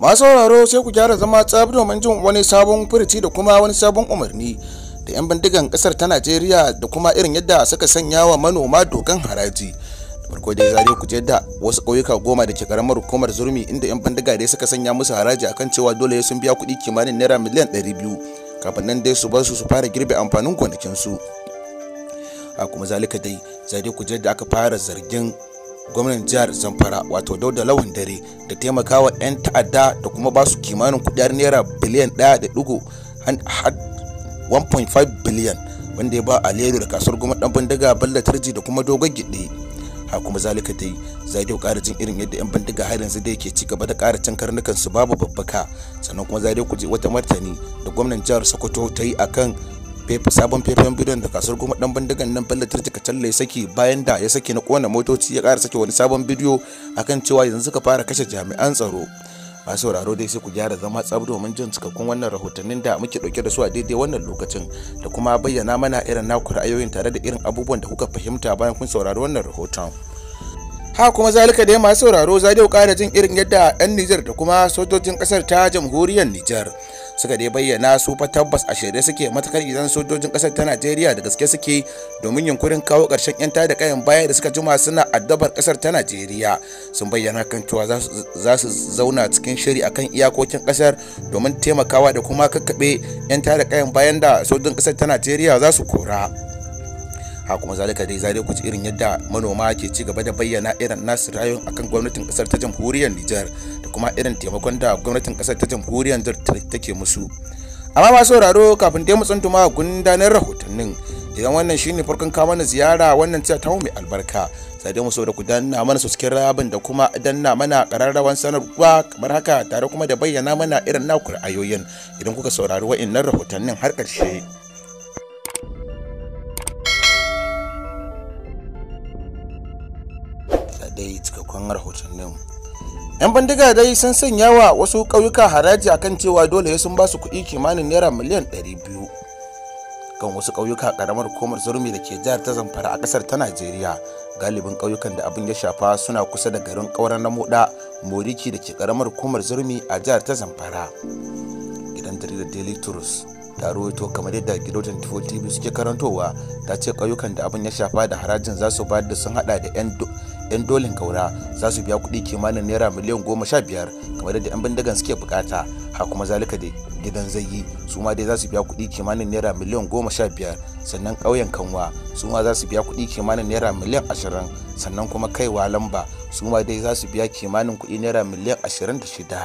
masu sauraro sai ku gyara zama tsab domin jin wani sabon furuci da kuma wani sabon umarni da 'yan bindigan kasar ta najeriya da kuma irin yadda suka sanya wa manoma dokan haraji farko dai zare ku da wasu ƙauyuka goma da ke karamar hukumar zurmi inda 'yan bindiga dai suka sanya musu haraji akan cewa dole sun biya kuɗi kimanin naira miliyan 200 kafin nan dai su bar su su fara girbe amfanin su a kuma zalika dai zare ku da aka fara zargin gwamnan jihar zamfara wato dauda lawan dare da taimakawa 'yan ta'adda da kuma basu kimanin kudin naira biliyan 1.5 biliyan wanda ya ba aliyu da kasuwar goma dan bindiga balla tarji da kuma dogon gidde ha kuma zalika dai zai dai ƙara jin irin yadda 'yan bindiga har yanzu da ke ci gaba da ƙara cin karnukan su babu babbaka sannan kuma zai dai kuje wata martani da gwamnan jihar sokoto ta yi akan sabon faifan bidon da kasar goma dan bindigan nan bello ka talla ya saki bayan da ya saki na kona motoci ya kara saki wani sabon bidiyo akan cewa yanzu suka fara kashe jami'an tsaro a sauraro dai sai ku gyara zama tsab domin jin cikakkun wannan rahotannin da muke dauke da su a daidai wannan lokacin da kuma bayyana mana irin naku ra'ayoyin tare da irin abubuwan da kuka fahimta bayan kun saurari wannan rahoton. ha kuma zalika da masu sauraro za dai ƙara jin irin yadda 'yan Nijar da kuma sojojin kasar ta jamhuriyar Nijar suka dai bayyana su fa tabbas a shirye suke matakar idan sojojin kasar ta Najeriya da gaske suke domin yunkurin kawo karshen yan da kayan baya da suka jima suna addabar kasar ta Najeriya sun bayyana kan cewa za su zauna cikin shiri akan iyakokin kasar domin taimakawa da kuma kakkaɓe yan da kayan bayan da sojojin kasar ta Najeriya za su kora. ha kuma zalika dai zare ku ci irin yadda manoma ke ci gaba da bayyana irin nasu rayuwar akan gwamnatin kasar ta jamhuriyar Nijar da kuma irin taimakon da gwamnatin kasar ta jamhuriyar Nijar take musu amma masu sauraro kafin dai mu tsantuma gundanar rahotannin idan wannan shine farkon kama na ziyara wannan ta tamu mai albarka sai dai mu so da ku danna mana subscribe rabin da kuma danna mana kararrawan sanarwa kamar haka tare kuma da bayyana mana irin naku ra'ayoyin idan kuka saurari wa'annan rahotannin har karshe. dai cikakkun rahotannin. 'yan bindiga dai sun sanya wa wasu ƙauyuka haraji akan cewa dole sun ba su kuɗi kimanin naira miliyan 200 kan wasu kauyuka karamar komar zurmi da ke jihar ta zamfara a kasar ta najeriya galibin kauyukan da abin ya shafa suna kusa da garin ƙauren na moda moriki da ke karamar komar zurmi a jihar ta zamfara gidan jaridar daily tours ta rawaito kamar yadda gido 24 tv suke karantowa ta ce ƙauyukan da abin ya shafa da harajin za su da sun hada da 'yan 'yan dolin kaura za su biya kuɗi kimanin naira miliyan goma sha biyar kamar yadda 'yan bindigan suke bukata ha kuma zalika da gidan zayi su ma dai za su biya kuɗi kimanin naira miliyan goma sha biyar sannan ƙauyen kanwa su ma za su biya kuɗi kimanin naira miliyan ashirin sannan kuma kaiwa lamba su ma dai za su biya kimanin kuɗi naira miliyan ashirin da shida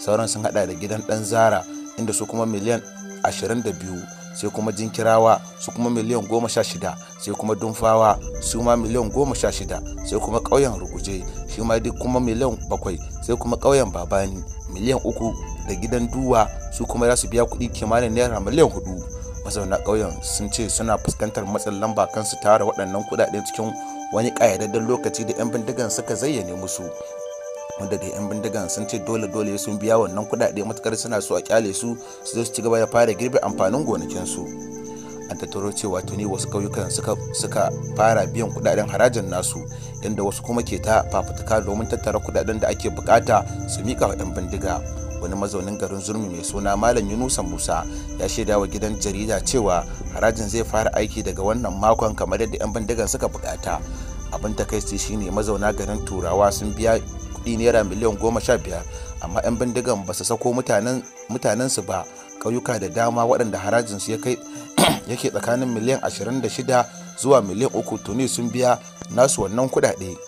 sauran sun haɗa da gidan ɗan zara inda su kuma miliyan ashirin da biyu sai kuma jinkirawa su kuma miliyan goma sha shida sai kuma dunfawa su ma miliyan goma sha shida sai kuma ƙauyen ruguje shi ma duk kuma miliyan bakwai sai kuma ƙauyen babani miliyan uku da gidan duwa su kuma za su biya kuɗi kimanin naira miliyan hudu mazauna ƙauyen sun ce suna fuskantar matsin lamba kan su tara waɗannan kuɗaɗen cikin wani ƙayyadadden lokaci da 'yan bindigan suka zayyane musu daga 'yan bindigan sun ce dole dole sun biya wannan kuɗaɗe matukar suna so a kyale su su zai ci gaba da fara girbe amfanin gonakinsu an tattaro cewa tuni wasu kauyukan suka fara biyan kudaden harajin nasu inda wasu kuma ke ta fafutuka domin tattara kudaden da ake bukata su mika 'yan bindiga wani mazaunin garin zurmi mai suna malam yunusa musa ya shaida wa gidan jarida cewa harajin zai fara aiki daga wannan makon kamar yadda 'yan bindigan suka bukata abin takaici shine mazauna garin turawa sun biya kudi naira miliyan goma sha biyar amma 'yan bindigan ba su sako mutanensu ba ƙauyuka da dama waɗanda harajinsu yake tsakanin miliyan shida zuwa miliyan uku tuni sun biya nasu wannan kudade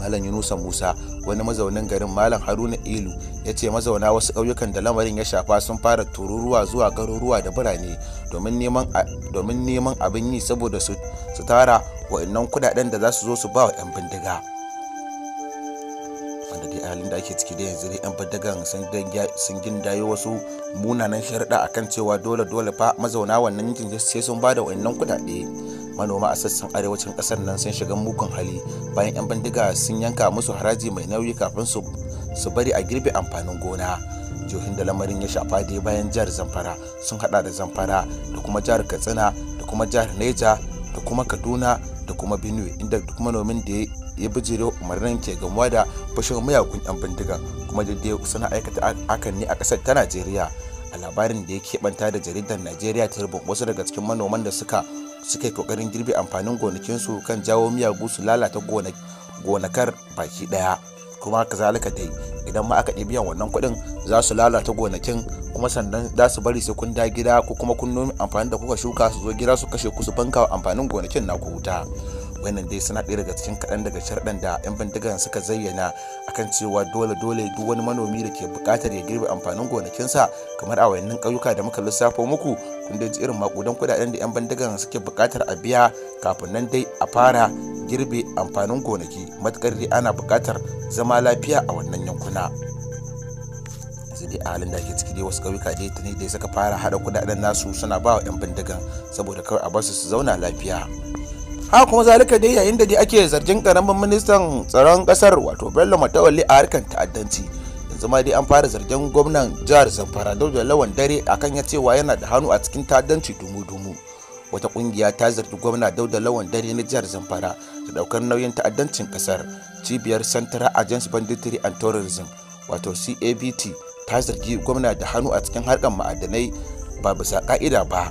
malam yunusa musa wani mazaunin garin malam haruna ilu ya ce mazauna wasu ƙauyukan da lamarin ya shafa sun fara tururuwa zuwa garuruwa da birane domin neman abin yi saboda su tara wa'annan kudaden da za su zo su ba wa 'yan bindiga da dai halin da ake ciki da yanzu dai yan badagan sun gindayo wasu munanan sharaɗa kan cewa dole dole fa mazauna wannan yankin sai sun ba da wannan kuɗaɗe manoma a sassan arewacin kasar nan sun shiga mukun hali bayan yan bandiga sun yanka musu haraji mai nauyi kafin su bari a girbe amfanin gona jihohin da lamarin ya shafa dai bayan jihar zamfara sun hada da zamfara da kuma jihar katsina da kuma jihar neja da kuma kaduna da kuma benue inda duk manomin da ya bijiro umarnin ke gamuwa da fashin mayakun 'yan bindiga kuma da dai suna aikata hakan ne a kasar ta najeriya a labarin da ya keɓanta da jaridar najeriya ta rubun wasu daga cikin manoman da suka suke kokarin girbe amfanin gonakinsu kan jawo miyagu su lalata gonakar baki daya kuma kazalika dai idan ma aka ɗi biyan wannan kuɗin za su lalata gonakin kuma sannan za su bari sai kun da gida ko kuma kun nomi amfanin da kuka shuka su zo gida su kashe ku su banka amfanin gonakin naku wuta wannan dai suna ɗaya daga cikin kaɗan daga sharɗan da 'yan bindigan suka zayyana akan cewa dole dole duk wani manomi da ke buƙatar ya girbe amfanin gonakinsa kamar a wayannin ƙauyuka da muka lissafo muku kun dai irin makudan kuɗaɗen da 'yan bindigan suke buƙatar a biya kafin nan dai a fara girbe amfanin gonaki matuƙar dai ana buƙatar zama lafiya a wannan yankuna. yanzu dai a halin da ake ciki dai wasu ƙauyuka dai ta ne dai suka fara haɗa kuɗaɗen nasu suna ba wa 'yan bindigan saboda kawai a basu su zauna lafiya haka kuma zalika dai yayin da dai ake zargin karamin ministan tsaron kasar wato bello matawalli a harkar ta'addanci yanzu ma dai an fara zargin gwamnan jihar zamfara da lawan dare akan ya cewa yana da hannu a cikin ta'addanci dumu-dumu wata kungiya ta zargi gwamna dauda lawan dare na jihar zamfara da daukar nauyin ta'addancin kasar cibiyar central agency banditry and terrorism wato cabt ta zargi gwamna da hannu a cikin harkar ma'adanai ba bisa ka'ida ba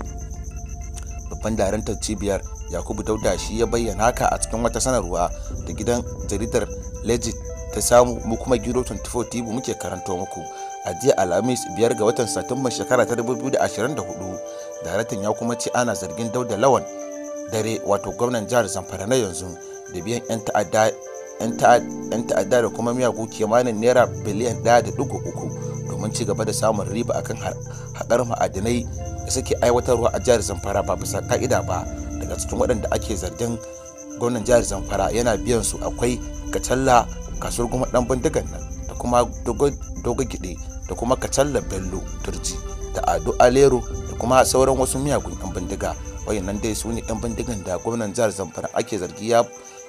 babban darantar cibiyar yakubu dauda shi ya bayyana haka a cikin wata sanarwa da gidan jaridar legit ta samu mu kuma giro 24 tv muke karanto muku a jiya alhamis biyar ga watan satumba shekara ta 2024 daraktan ya kuma ce ana zargin dauda lawan dare wato gwamnan jihar zamfara na yanzu da biyan 'yan ta'adda da kuma miyagu kimanin naira biliyan 1.3 domin ci gaba da samun riba akan haɗar ma'adinai da suke aiwatarwa a jihar zamfara ba bisa ka'ida ba daga cikin waɗanda ake zargin gwamnan jihar zamfara yana biyan su akwai kacalla kasuwar goma ɗan bindigan nan da kuma dogo gide da kuma kacalla bello turji da ado alero da kuma sauran wasu miyagun yan bindiga wayannan dai su ne yan bindigan da gwamnan jihar zamfara ake zargi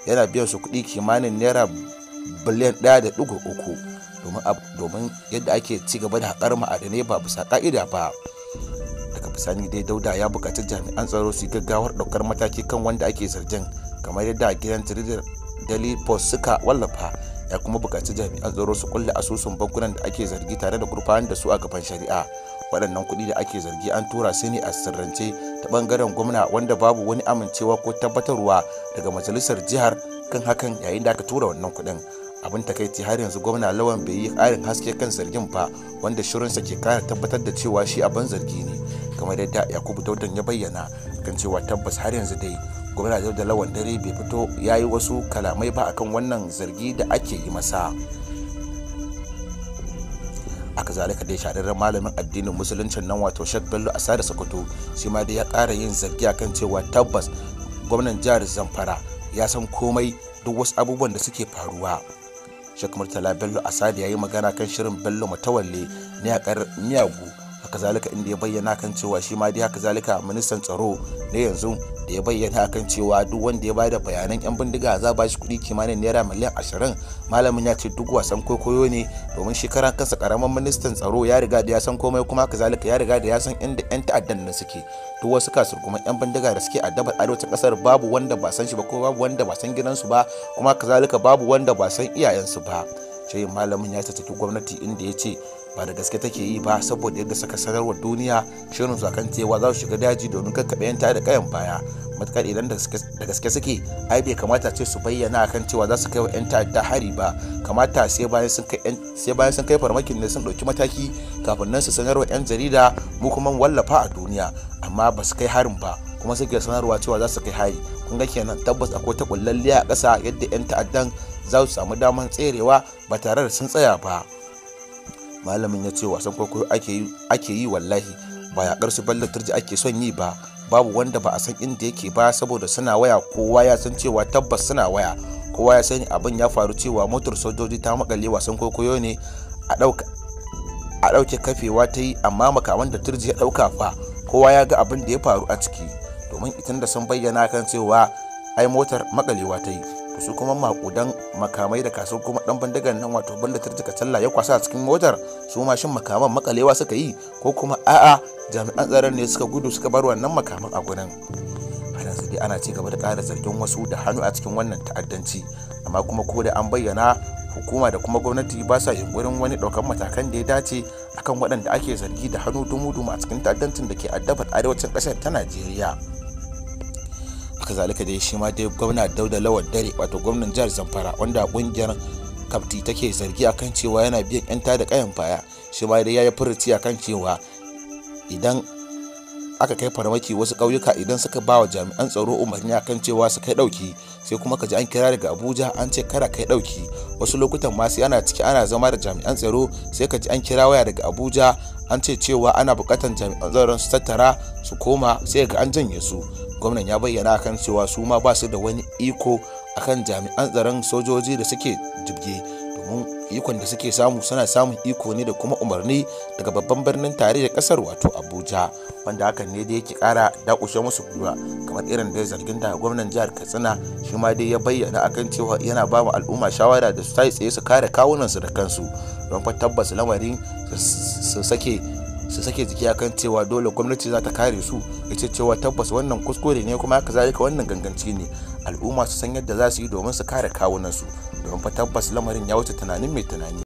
yana biyan su kuɗi kimanin naira biliyan ɗaya da ɗigo uku domin yadda ake ci gaba da haƙar ma'adanai ba bisa ƙa'ida ba daga bisani dai dauda ya bukaci jami'an tsaro su gaggawar ɗaukar mataki kan wanda ake zargin kamar yadda gidan jaridar daily post suka wallafa ya kuma bukaci jami'an tsaro su kulle asusun bankunan da ake zargi tare da gurfanar da su a gaban shari'a waɗannan kuɗi da ake zargi an tura su ne a sirrance ta ɓangaren gwamna wanda babu wani amincewa ko tabbatarwa daga majalisar jihar kan hakan yayin da aka tura wannan kuɗin abin takaici har yanzu gwamna lawan bai yi ƙarin haske kan zargin ba wanda shirinsa ke kara tabbatar da cewa shi abin zargi ne kamar yadda yakubu daudan ya bayyana kan cewa tabbas har yanzu dai gwamna daudan lawan dare bai fito ya yi wasu kalamai ba akan wannan zargi da ake yi masa aka zalika dai shahararren malamin addinin musuluncin nan wato shek bello asada sokoto shi ma dai ya kara yin zargi akan cewa tabbas gwamnan jihar zamfara ya san komai duk wasu abubuwan da suke faruwa Sheikh Murtala Bello Asadi ya yi magana kan shirin Bello Matawalle na yakar miyagu haka zalika inda ya bayyana kan cewa shi ma dai haka zalika ministan tsaro ne yanzu da ya bayyana akan cewa duk wanda ya bada bayanan 'yan bindiga za ba shi kuɗi kimanin naira miliyan ashirin malamin ya ce duk wasan kwaikwayo ne domin shekaran kansa karamin ministan tsaro ya riga da ya san komai kuma kazalika ya riga da ya san inda 'yan ta'addan nan suke duk wasu kasur kuma 'yan bindiga da suke addabar arewacin kasar babu wanda ba san shi ba ko babu wanda ba san gidansu ba kuma kazalika babu wanda ba san iyayensu ba sai malamin ya tattaki gwamnati inda ya ce ba da gaske take yi ba saboda yadda suka sanarwa duniya shirin zakan cewa za su shiga daji domin kakkaɓe yanta da kayan baya matukar idan da gaske suke ai bai kamata ce su bayyana akan cewa za su kai wa yan ta'adda hari ba kamata sai bayan sun kai farmakin ne sun dauki mataki kafin nan su sanarwa yan jarida mu kuma wallafa a duniya amma ba su kai harin ba kuma suke sanarwa cewa za su kai hari kun ga kenan tabbas akwai ta kullalliya a kasa yadda yan ta'addan za su samu damar tserewa ba tare da sun tsaya ba malamin ya ce wasan kwaikwayo ake yi wallahi ba yaƙar su bello turji ake son yi ba babu wanda ba a san inda yake ba saboda suna waya kowa ya san cewa tabbas suna waya kowa ya sani abin ya faru cewa motar sojoji ta makale wasan kwaikwayo ne a ɗauke kafewa ta yi amma makaman da turji ya ɗauka fa kowa ya ga abin da ya faru a ciki domin itin da sun bayyana kan cewa ai motar makalewa ta yi su kuma makudan makamai da kasuwar kuma dan bandagan nan wato balla turjika talla ya kwasa a cikin motar su ma mashin makaman makalewa suka yi ko kuma a'a jami'an tsaron ne suka gudu suka bar wannan makaman a gurin ana dai ana ci gaba da ƙara zargin wasu da hannu a cikin wannan ta'addanci amma kuma ko da an bayyana hukuma da kuma gwamnati ba sa yunkurin wani ɗaukan matakan da ya dace akan waɗanda ake zargi da hannu dumu-dumu a cikin ta'addancin da ke addabar arewacin ƙasar ta najeriya haka zalika dai shi ma dai gwamna dauda lawal dare wato gwamnan jihar zamfara wanda kungiyar kafti take zargi akan cewa yana biyan yan da kayan faya shi ma dai ya yi furuci akan cewa idan aka kai farmaki wasu kauyuka idan suka ba wa jami'an tsaro umarni akan cewa su kai dauki sai kuma ka ji an kira daga abuja an ce kara kai dauki wasu lokutan ma sai ana ciki ana zama da jami'an tsaro sai ka ji an kira waya daga abuja an ce cewa ana buƙatar jami'an tsaron su tattara su koma sai ga an janye su gwamnan ya bayyana kan cewa su ma ba su da wani iko akan jami'an tsaron sojoji da suke jibge domin ikon da suke samu suna samun iko ne da kuma umarni daga babban birnin tare da kasar wato abuja wanda hakan ne da yake kara dakushe musu gura kamar irin da zargin da gwamnan jihar katsina shi ma dai ya bayyana akan cewa yana ba mu al'umma shawara da su tsaye su kare kawunansu da kansu don fa tabbas lamarin su sake su sake jiki akan cewa dole gwamnati za ta kare su ya ce cewa tabbas wannan kuskure ne kuma haka zalika wannan ganganci ne al'umma su san yadda za su yi domin su kare kawunansu domin fa tabbas lamarin ya wuce tunanin mai tunani